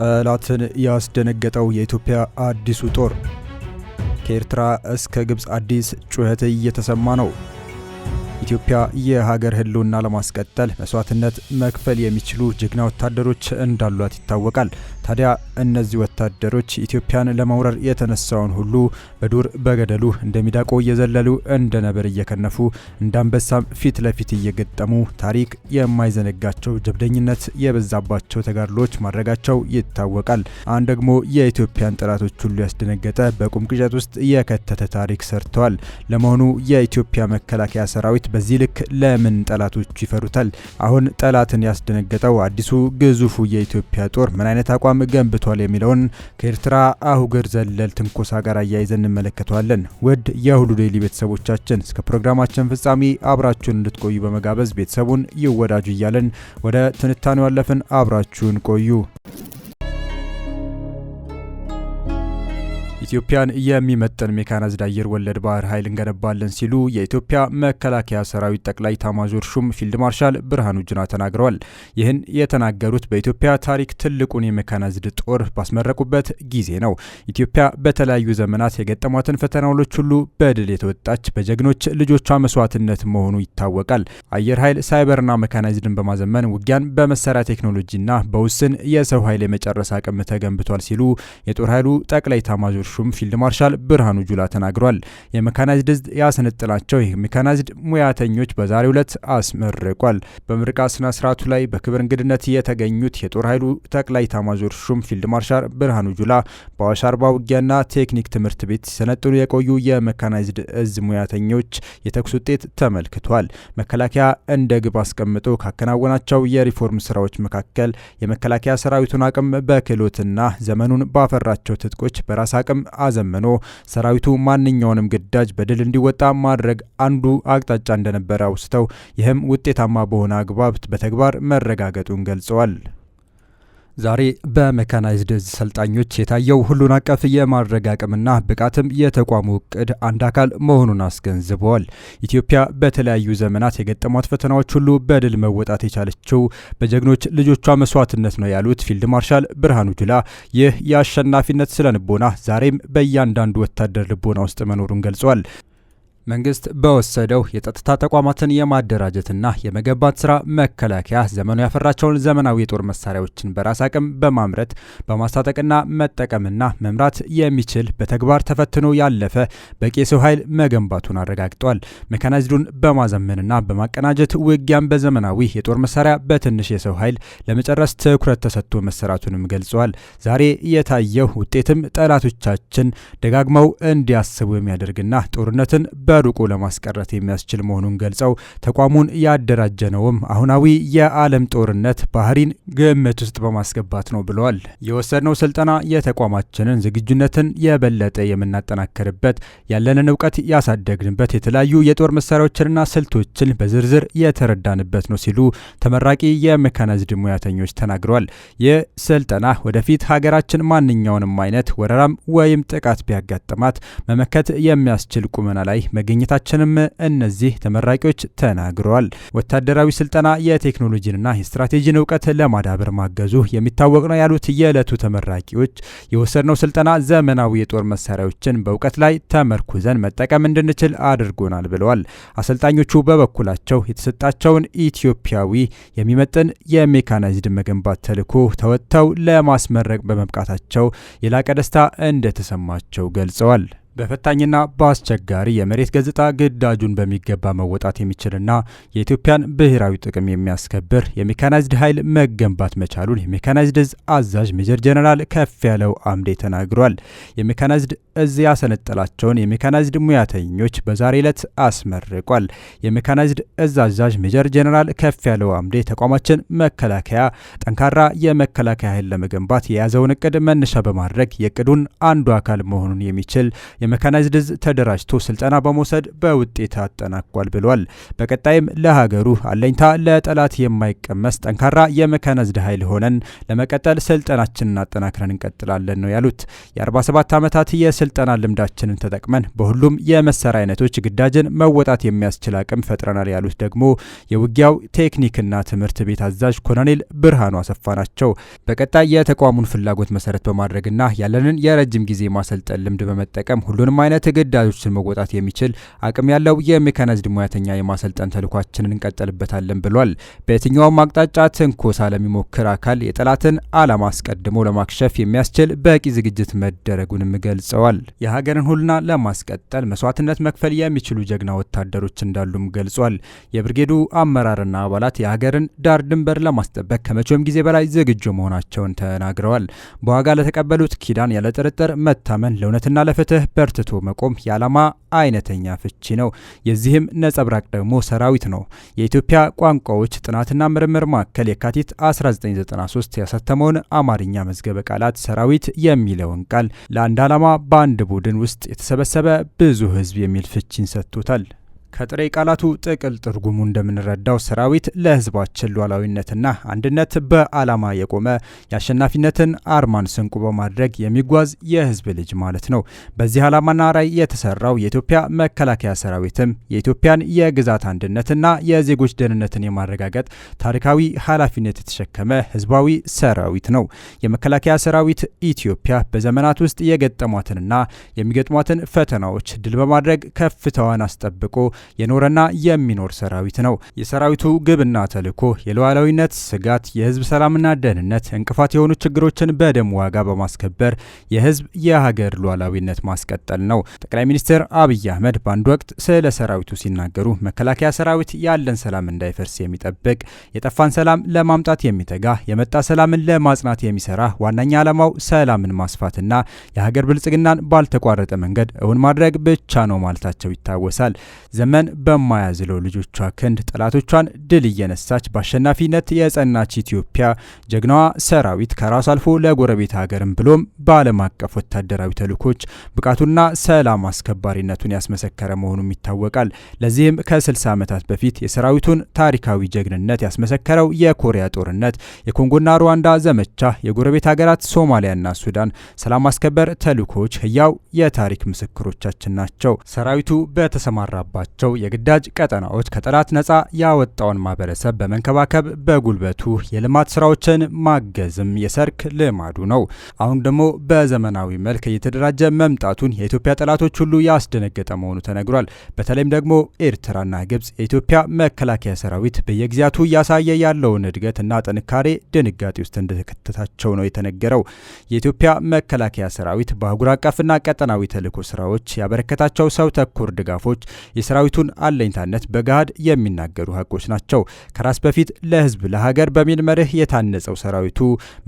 ጠላትን ያስደነገጠው የኢትዮጵያ አዲሱ ጦር ከኤርትራ እስከ ግብፅ አዲስ ጩኸት እየተሰማ ነው። ኢትዮጵያ የሀገር ህልውና ለማስቀጠል መስዋዕትነት መክፈል የሚችሉ ጀግና ወታደሮች እንዳሏት ይታወቃል። ታዲያ እነዚህ ወታደሮች ኢትዮጵያን ለመውረር የተነሳውን ሁሉ በዱር በገደሉ እንደሚዳቆ እየዘለሉ እንደ ነብር እየከነፉ እንደ ፊት ለፊት እየገጠሙ ታሪክ የማይዘነጋቸው ጀብደኝነት የበዛባቸው ተጋድሎች ማድረጋቸው ይታወቃል። አሁን ደግሞ የኢትዮጵያን ጠላቶች ሁሉ ያስደነገጠ በቁም ቅዠት ውስጥ የከተተ ታሪክ ሰርተዋል። ለመሆኑ የኢትዮጵያ መከላከያ ሰራዊት ሰዎች በዚህ ልክ ለምን ጠላቶች ይፈሩታል? አሁን ጠላትን ያስደነገጠው አዲሱ ግዙፉ የኢትዮጵያ ጦር ምን አይነት አቋም ገንብቷል የሚለውን ከኤርትራ አህጉር ዘለል ትንኮሳ ጋር አያይዘን እንመለከተዋለን። ውድ የሁሉ ዴይሊ ቤተሰቦቻችን እስከ ፕሮግራማችን ፍጻሜ አብራችሁን እንድትቆዩ በመጋበዝ ቤተሰቡን ይወዳጁ እያለን ወደ ትንታኔው አለፍን። አብራችሁን ቆዩ። ኢትዮጵያን የሚመጥን ሜካናዝድ አየር ወለድ ባህር ኃይል እንገነባለን ሲሉ የኢትዮጵያ መከላከያ ሰራዊት ጠቅላይ ታማዦር ሹም ፊልድ ማርሻል ብርሃኑ ጁላ ተናግረዋል። ይህን የተናገሩት በኢትዮጵያ ታሪክ ትልቁን የሜካናዝድ ጦር ባስመረቁበት ጊዜ ነው። ኢትዮጵያ በተለያዩ ዘመናት የገጠሟትን ፈተናዎች ሁሉ በድል የተወጣች በጀግኖች ልጆቿ መስዋዕትነት መሆኑ ይታወቃል። አየር ኃይል ሳይበርና መካናይዝድን በማዘመን ውጊያን በመሳሪያ ቴክኖሎጂና በውስን የሰው ኃይል የመጨረስ አቅም ተገንብቷል ሲሉ የጦር ኃይሉ ጠቅላይ ታማዦር ሹም ፊልድ ማርሻል ብርሃኑ ጁላ ተናግሯል። የሜካናይዝድ ዕዝ ያሰነጥላቸው ይህ ሜካናይዝድ ሙያተኞች በዛሬው ዕለት አስመርቋል። በምርቃ ስነ ስርዓቱ ላይ በክብር እንግድነት የተገኙት የጦር ኃይሉ ጠቅላይ ኤታማዦር ሹም ፊልድ ማርሻል ብርሃኑ ጁላ በአዋሽ አርባ ውጊያና ቴክኒክ ትምህርት ቤት ሲሰለጥኑ የቆዩ የመካናይዝድ እዝ ሙያተኞች የተኩስ ውጤት ተመልክቷል። መከላከያ እንደ ግብ አስቀምጦ ካከናወናቸው የሪፎርም ስራዎች መካከል የመከላከያ ሰራዊቱን አቅም በክህሎትና ዘመኑን ባፈራቸው ትጥቆች በራስ አቅም አዘምኖ ሰራዊቱ ማንኛውንም ግዳጅ በድል እንዲወጣ ማድረግ አንዱ አቅጣጫ እንደነበረ አውስተው ይህም ውጤታማ በሆነ አግባብ በተግባር መረጋገጡን ገልጸዋል። ዛሬ በሜካናይዝድ እዝ ሰልጣኞች የታየው ሁሉን አቀፍ የማድረግ አቅምና ብቃትም የተቋሙ እቅድ አንድ አካል መሆኑን አስገንዝበዋል። ኢትዮጵያ በተለያዩ ዘመናት የገጠሟት ፈተናዎች ሁሉ በድል መወጣት የቻለችው በጀግኖች ልጆቿ መስዋዕትነት ነው ያሉት ፊልድ ማርሻል ብርሃኑ ጁላ፣ ይህ የአሸናፊነት ስነ ልቦና ዛሬም በእያንዳንዱ ወታደር ልቦና ውስጥ መኖሩን ገልጿል። መንግስት በወሰደው የጸጥታ ተቋማትን የማደራጀትና የመገንባት ስራ መከላከያ ዘመኑ ያፈራቸውን ዘመናዊ የጦር መሳሪያዎችን በራስ አቅም በማምረት በማስታጠቅና መጠቀምና መምራት የሚችል በተግባር ተፈትኖ ያለፈ በቂ የሰው ኃይል መገንባቱን አረጋግጧል። መካናይዝዱን በማዘመንና በማቀናጀት ውጊያን በዘመናዊ የጦር መሳሪያ በትንሽ የሰው ኃይል ለመጨረስ ትኩረት ተሰጥቶ መሰራቱንም ገልጸዋል። ዛሬ የታየው ውጤትም ጠላቶቻችን ደጋግመው እንዲያስቡ የሚያደርግና ጦርነትን በ በሩቁ ለማስቀረት የሚያስችል መሆኑን ገልጸው ተቋሙን ያደራጀ ነውም አሁናዊ የዓለም ጦርነት ባህሪን ግምት ውስጥ በማስገባት ነው ብለዋል። የወሰድነው ስልጠና የተቋማችንን ዝግጁነትን የበለጠ የምናጠናከርበት፣ ያለንን እውቀት ያሳደግንበት፣ የተለያዩ የጦር መሳሪያዎችንና ስልቶችን በዝርዝር የተረዳንበት ነው ሲሉ ተመራቂ የሜካናይዝድ ሙያተኞች ተናግረዋል። ይህ ስልጠና ወደፊት ሀገራችን ማንኛውንም አይነት ወረራም ወይም ጥቃት ቢያጋጥማት መመከት የሚያስችል ቁመና ላይ መ መገኘታችንም እነዚህ ተመራቂዎች ተናግረዋል። ወታደራዊ ስልጠና የቴክኖሎጂንና የስትራቴጂን እውቀት ለማዳበር ማገዙ የሚታወቅ ነው ያሉት የዕለቱ ተመራቂዎች የወሰድነው ስልጠና ዘመናዊ የጦር መሳሪያዎችን በእውቀት ላይ ተመርኩዘን መጠቀም እንድንችል አድርጎናል ብለዋል። አሰልጣኞቹ በበኩላቸው የተሰጣቸውን ኢትዮጵያዊ የሚመጥን የሜካናይዝድ መገንባት ተልዕኮ ተወጥተው ለማስመረቅ በመብቃታቸው የላቀ ደስታ እንደተሰማቸው ገልጸዋል። በፈታኝና በአስቸጋሪ የመሬት ገጽታ ግዳጁን በሚገባ መወጣት የሚችልና የኢትዮጵያን ብሔራዊ ጥቅም የሚያስከብር የሜካናይዝድ ኃይል መገንባት መቻሉን የሜካናይዝድ እዝ አዛዥ ሜጀር ጀነራል ከፍ ያለው አምዴ ተናግሯል። የሜካናይዝድ እዝ ያሰነጠላቸውን የሜካናይዝድ ሙያተኞች በዛሬ ዕለት አስመርቋል። የሜካናይዝድ እዝ አዛዥ ሜጀር ጀነራል ከፍ ያለው አምዴ ተቋማችን መከላከያ ጠንካራ የመከላከያ ኃይል ለመገንባት የያዘውን እቅድ መነሻ በማድረግ የእቅዱን አንዱ አካል መሆኑን የሚችል የመካናይዝድዝ ተደራጅቶ ስልጠና በመውሰድ በውጤት አጠናቋል ብሏል። በቀጣይም ለሀገሩ አለኝታ ለጠላት የማይቀመስ ጠንካራ የመካናይዝድ ኃይል ሆነን ለመቀጠል ስልጠናችንን አጠናክረን እንቀጥላለን ነው ያሉት። የ47 ዓመታት የስልጠና ልምዳችንን ተጠቅመን በሁሉም የመሳሪያ አይነቶች ግዳጅን መወጣት የሚያስችል አቅም ፈጥረናል ያሉት ደግሞ የውጊያው ቴክኒክና ትምህርት ቤት አዛዥ ኮሎኔል ብርሃኑ አሰፋ ናቸው። በቀጣይ የተቋሙን ፍላጎት መሰረት በማድረግና ያለንን የረጅም ጊዜ ማሰልጠን ልምድ በመጠቀም ሁሉንም አይነት ግዳጆችን መወጣት የሚችል አቅም ያለው የሜካናይዝድ ሙያተኛ የማሰልጠን ተልኳችንን እንቀጠልበታለን ብሏል። በየትኛውም አቅጣጫ ትንኮሳ ለሚሞክር አካል የጠላትን ዓላማ አስቀድሞ ለማክሸፍ የሚያስችል በቂ ዝግጅት መደረጉንም ገልጸዋል። የሀገርን ሁልና ለማስቀጠል መስዋዕትነት መክፈል የሚችሉ ጀግና ወታደሮች እንዳሉም ገልጿል። የብርጌዱ አመራርና አባላት የሀገርን ዳር ድንበር ለማስጠበቅ ከመቼውም ጊዜ በላይ ዝግጁ መሆናቸውን ተናግረዋል። በዋጋ ለተቀበሉት ኪዳን ያለ ጥርጥር መታመን ለእውነትና ለፍትህ በርትቶ መቆም የዓላማ አይነተኛ ፍቺ ነው። የዚህም ነጸብራቅ ደግሞ ሰራዊት ነው። የኢትዮጵያ ቋንቋዎች ጥናትና ምርምር ማዕከል የካቲት 1993 ያሳተመውን አማርኛ መዝገበ ቃላት ሰራዊት የሚለውን ቃል ለአንድ ዓላማ በአንድ ቡድን ውስጥ የተሰበሰበ ብዙ ህዝብ የሚል ፍቺን ሰጥቶታል። ከጥሬ ቃላቱ ጥቅል ትርጉሙ እንደምንረዳው ሰራዊት ለህዝባችን ሉዓላዊነትና አንድነት በዓላማ የቆመ የአሸናፊነትን አርማን ስንቁ በማድረግ የሚጓዝ የህዝብ ልጅ ማለት ነው። በዚህ ዓላማና ራዕይ የተሰራው የኢትዮጵያ መከላከያ ሰራዊትም የኢትዮጵያን የግዛት አንድነትና የዜጎች ደህንነትን የማረጋገጥ ታሪካዊ ኃላፊነት የተሸከመ ህዝባዊ ሰራዊት ነው። የመከላከያ ሰራዊት ኢትዮጵያ በዘመናት ውስጥ የገጠሟትንና የሚገጥሟትን ፈተናዎች ድል በማድረግ ከፍታዋን አስጠብቆ የኖረና የሚኖር ሰራዊት ነው። የሰራዊቱ ግብና ተልዕኮ የሉዓላዊነት ስጋት፣ የህዝብ ሰላምና ደህንነት እንቅፋት የሆኑ ችግሮችን በደም ዋጋ በማስከበር የህዝብ የሀገር ሉዓላዊነት ማስቀጠል ነው። ጠቅላይ ሚኒስትር አብይ አህመድ በአንድ ወቅት ስለ ሰራዊቱ ሲናገሩ መከላከያ ሰራዊት ያለን ሰላም እንዳይፈርስ የሚጠብቅ የጠፋን ሰላም ለማምጣት የሚተጋ የመጣ ሰላምን ለማጽናት የሚሰራ ዋነኛ ዓላማው ሰላምን ማስፋትና የሀገር ብልጽግናን ባልተቋረጠ መንገድ እውን ማድረግ ብቻ ነው ማለታቸው ይታወሳል። ዘመን በማያዝለው ልጆቿ ክንድ ጠላቶቿን ድል እየነሳች በአሸናፊነት የጸናች ኢትዮጵያ ጀግናዋ ሰራዊት ከራሱ አልፎ ለጎረቤት ሀገርም ብሎም በዓለም አቀፍ ወታደራዊ ተልእኮች ብቃቱና ሰላም አስከባሪነቱን ያስመሰከረ መሆኑም ይታወቃል። ለዚህም ከ60 ዓመታት በፊት የሰራዊቱን ታሪካዊ ጀግንነት ያስመሰከረው የኮሪያ ጦርነት፣ የኮንጎና ሩዋንዳ ዘመቻ፣ የጎረቤት ሀገራት ሶማሊያና ሱዳን ሰላም አስከበር ተልእኮች ህያው የታሪክ ምስክሮቻችን ናቸው። ሰራዊቱ በተሰማራባቸው ባላቸው የግዳጅ ቀጠናዎች ከጠላት ነጻ ያወጣውን ማህበረሰብ በመንከባከብ በጉልበቱ የልማት ስራዎችን ማገዝም የሰርክ ልማዱ ነው። አሁን ደግሞ በዘመናዊ መልክ እየተደራጀ መምጣቱን የኢትዮጵያ ጠላቶች ሁሉ ያስደነገጠ መሆኑ ተነግሯል። በተለይም ደግሞ ኤርትራና ግብጽ የኢትዮጵያ መከላከያ ሰራዊት በየጊዜያቱ እያሳየ ያለውን እና ጥንካሬ ድንጋጤ ውስጥ እንደተከተታቸው ነው የተነገረው። የኢትዮጵያ መከላከያ ሰራዊት በአህጉር አቀፍና ቀጠናዊ ተልዕኮ ስራዎች ያበረከታቸው ሰው ተኮር ድጋፎች የስራ የሰራዊቱን አለኝታነት በገሃድ የሚናገሩ ሀቆች ናቸው። ከራስ በፊት ለህዝብ ለሀገር በሚል መርህ የታነጸው ሰራዊቱ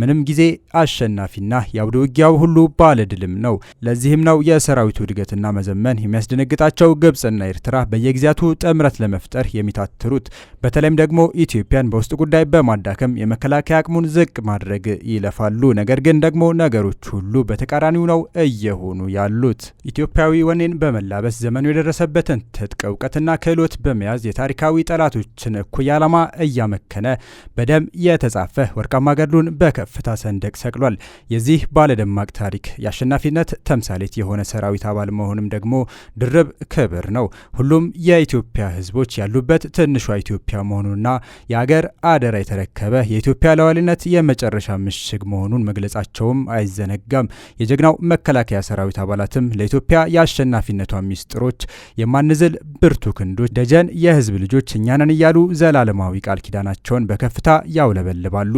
ምንም ጊዜ አሸናፊና የአውደ ውጊያው ሁሉ ባለድልም ነው። ለዚህም ነው የሰራዊቱ እድገትና መዘመን የሚያስደነግጣቸው ግብፅና ኤርትራ በየጊዜያቱ ጥምረት ለመፍጠር የሚታትሩት። በተለይም ደግሞ ኢትዮጵያን በውስጥ ጉዳይ በማዳከም የመከላከያ አቅሙን ዝቅ ማድረግ ይለፋሉ። ነገር ግን ደግሞ ነገሮች ሁሉ በተቃራኒው ነው እየሆኑ ያሉት። ኢትዮጵያዊ ወኔን በመላበስ ዘመኑ የደረሰበትን ትጥቅ እውቀትና ክህሎት በመያዝ የታሪካዊ ጠላቶችን እኩይ ዓላማ እያመከነ በደም የተጻፈ ወርቃማ ገድሉን በከፍታ ሰንደቅ ሰቅሏል። የዚህ ባለደማቅ ታሪክ የአሸናፊነት ተምሳሌት የሆነ ሰራዊት አባል መሆንም ደግሞ ድርብ ክብር ነው። ሁሉም የኢትዮጵያ ህዝቦች ያሉበት ትንሿ ኢትዮጵያ መሆኑና የአገር አደራ የተረከበ የኢትዮጵያ ሉዓላዊነት የመጨረሻ ምሽግ መሆኑን መግለጻቸውም አይዘነጋም። የጀግናው መከላከያ ሰራዊት አባላትም ለኢትዮጵያ የአሸናፊነቷ ሚስጥሮች የማንዝል ብርቱ ክንዶች ደጀን የህዝብ ልጆች እኛንን እያሉ ዘላለማዊ ቃል ኪዳናቸውን በከፍታ ያውለበልባሉ።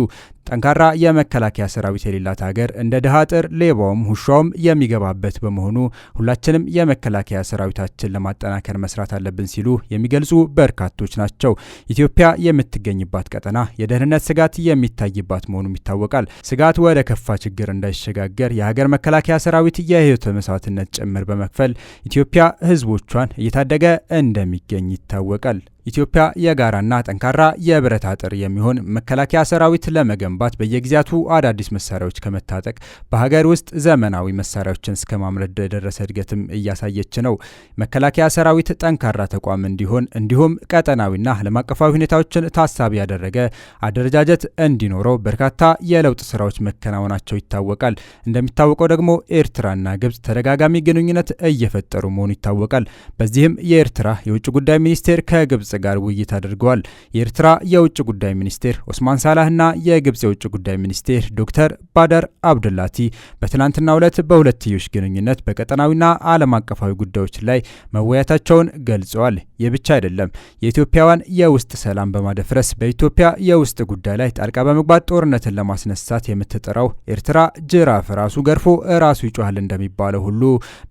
ጠንካራ የመከላከያ ሰራዊት የሌላት ሀገር እንደ ድሃ ጥር ሌባውም ሁሻውም የሚገባበት በመሆኑ ሁላችንም የመከላከያ ሰራዊታችን ለማጠናከር መስራት አለብን ሲሉ የሚገልጹ በርካቶች ናቸው። ኢትዮጵያ የምትገኝባት ቀጠና የደህንነት ስጋት የሚታይባት መሆኑም ይታወቃል። ስጋት ወደ ከፋ ችግር እንዳይሸጋገር የሀገር መከላከያ ሰራዊት የህይወት መስዋዕትነት ጭምር በመክፈል ኢትዮጵያ ህዝቦቿን እየታደገ እንደሚገኝ ይታወቃል። ኢትዮጵያ የጋራና ጠንካራ የብረት አጥር የሚሆን መከላከያ ሰራዊት ለመገንባት በየጊዜያቱ አዳዲስ መሳሪያዎች ከመታጠቅ በሀገር ውስጥ ዘመናዊ መሳሪያዎችን እስከ ማምረት የደረሰ እድገትም እያሳየች ነው። መከላከያ ሰራዊት ጠንካራ ተቋም እንዲሆን እንዲሁም ቀጠናዊና ዓለም አቀፋዊ ሁኔታዎችን ታሳቢ ያደረገ አደረጃጀት እንዲኖረው በርካታ የለውጥ ስራዎች መከናወናቸው ይታወቃል። እንደሚታወቀው ደግሞ ኤርትራና ግብጽ ተደጋጋሚ ግንኙነት እየፈጠሩ መሆኑ ይታወቃል። በዚህም የኤርትራ የውጭ ጉዳይ ሚኒስቴር ከግብጽ ጋር ውይይት አድርገዋል። የኤርትራ የውጭ ጉዳይ ሚኒስቴር ኦስማን ሳላህና የግብፅ የውጭ ጉዳይ ሚኒስቴር ዶክተር ባደር አብደላቲ በትናንትናው ዕለት በሁለትዮሽ ግንኙነት በቀጠናዊና ዓለም አቀፋዊ ጉዳዮች ላይ መወያየታቸውን ገልጸዋል። ይህ ብቻ አይደለም። የኢትዮጵያውያን የውስጥ ሰላም በማደፍረስ በኢትዮጵያ የውስጥ ጉዳይ ላይ ጣልቃ በመግባት ጦርነትን ለማስነሳት የምትጠራው ኤርትራ ጅራፍ ራሱ ገርፎ ራሱ ይጮሃል እንደሚባለው ሁሉ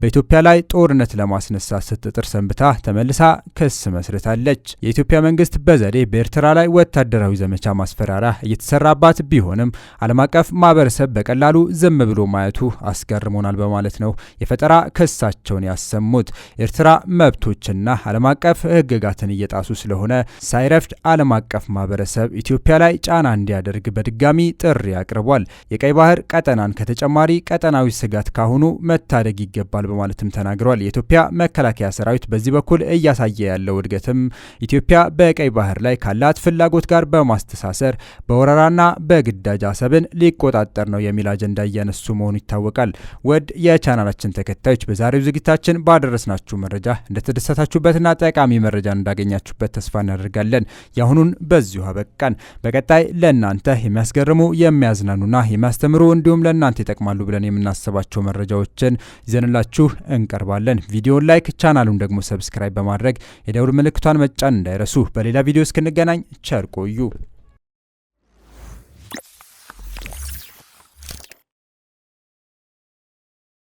በኢትዮጵያ ላይ ጦርነት ለማስነሳት ስትጥር ሰንብታ ተመልሳ ክስ መስርታለች። የኢትዮጵያ መንግስት በዘዴ በኤርትራ ላይ ወታደራዊ ዘመቻ ማስፈራሪያ እየተሰራባት ቢሆንም ዓለም አቀፍ ማህበረሰብ በቀላሉ ዝም ብሎ ማየቱ አስገርሞናል በማለት ነው የፈጠራ ክሳቸውን ያሰሙት። ኤርትራ መብቶችና ዓለም አቀፍ ህግጋትን እየጣሱ ስለሆነ ሳይረፍድ ዓለም አቀፍ ማህበረሰብ ኢትዮጵያ ላይ ጫና እንዲያደርግ በድጋሚ ጥሪ አቅርቧል። የቀይ ባህር ቀጠናን ከተጨማሪ ቀጠናዊ ስጋት ካሁኑ መታደግ ይገባል በማለትም ተናግሯል። የኢትዮጵያ መከላከያ ሰራዊት በዚህ በኩል እያሳየ ያለው እድገትም ኢትዮጵያ በቀይ ባህር ላይ ካላት ፍላጎት ጋር በማስተሳሰር በወረራና በግዳጅ አሰብን ሊቆጣጠር ነው የሚል አጀንዳ እያነሱ መሆኑ ይታወቃል። ወድ የቻናላችን ተከታዮች በዛሬው ዝግጅታችን ባደረስናችሁ መረጃ እንደተደሰታችሁበትና ጠቃሚ መረጃ እንዳገኛችሁበት ተስፋ እናደርጋለን። የአሁኑን በዚሁ አበቃን። በቀጣይ ለእናንተ የሚያስገርሙ የሚያዝናኑና የሚያስተምሩ እንዲሁም ለእናንተ ይጠቅማሉ ብለን የምናስባቸው መረጃዎችን ይዘንላችሁ እንቀርባለን። ቪዲዮን ላይክ፣ ቻናሉን ደግሞ ሰብስክራይብ በማድረግ የደውል ምልክቷን መጫ መጫን እንዳይረሱ። በሌላ ቪዲዮ እስክንገናኝ ቸር ቆዩ።